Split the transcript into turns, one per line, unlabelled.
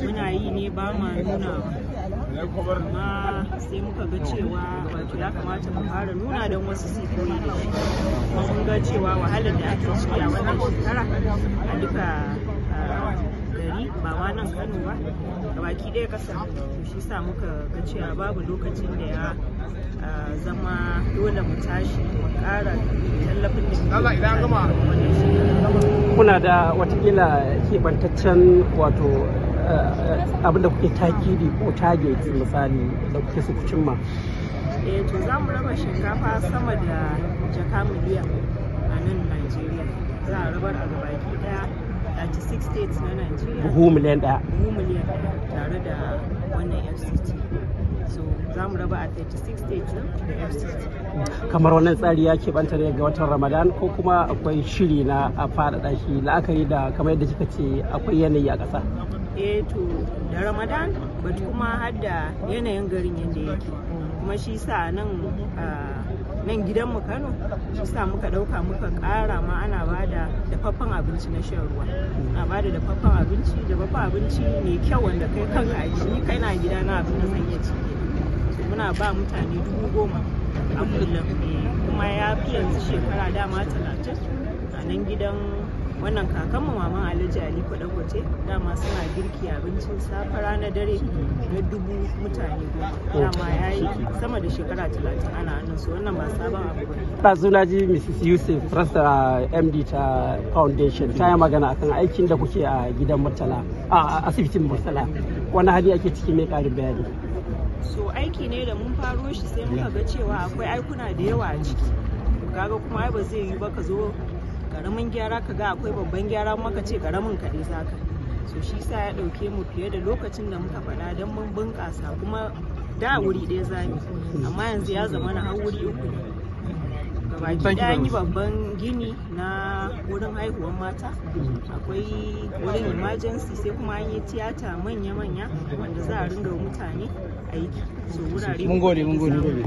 muna yi ne ba ma nuna amma sai muka ga cewa wato ya kamata mu fara nuna don wasu su koyi da shi kuma mun ga cewa wahalar da ake ciki a wannan shekara a duka gari ba ma nan Kano ba baki ɗaya ƙasar shi sa muka ga cewa babu lokacin da ya zama dole mu tashi mu ƙara tallafin da wannan shekara
kuna da watakila keɓantaccen wato abinda kuke takiri ko target misali da kuke su ku cimma
eh to za mu raba shinkafa sama da jaka miliyan a nan Najeriya za a rabar a gabaki daya 36 states na Najeriya buhu miliyan
daya buhu miliyan
tare da wannan FCT so za mu raba a 36 states da FCT
kamar wannan tsari ya banta ne ga watan ramadan ko kuma akwai shiri na a faɗaɗa shi la'akari da kamar yadda kika ce akwai yanayi a ƙasa
eh to da ramadan but kuma har da yanayin garin yadda yake kuma shi sa nan nan gidanmu kano shi sa muka ɗauka muka kara ma ana da dafaffen abinci na shan ruwa ana bada dafaffen abinci dafaffen abinci mai kyau wanda kai kan aji ni kai na gida na abin da zan iya ci muna ba mutane dubu goma a kullum eh, kuma ya fi yanzu shekara dama talatin a nan gidan wannan kakanmu maman alhaji ali kwadangote dama suna girki abincin safara na dare na dubu mutane goma, dama ya yi sama da shekara talatin ana hannun su wannan ba sabon abu
ba suna ji mrs yusuf rasta eh, md ta foundation ta yi magana akan aikin da kuke a gidan murtala a asibitin murtala wani hali ake ciki mai ƙarin bayani
so aiki ne da mun faro shi sai muka ga cewa akwai aikuna da yawa a ciki kaga kuma ai ba zai yi ba ka zo karamin gyara ka ga akwai babban gyara maka ce karamin kaɗai za ka so shi sa ya ɗauke mu fiye da lokacin da muka faɗa don mun bunƙasa kuma da wuri ɗaya za mu amma yanzu ya zama na har wuri uku gabaki da yi babban gini na wurin haihuwar mata akwai wurin emergency sai kuma an yi tiyata manya-manya wanda za a ringa mutane aiki so wurare mun gode mun gode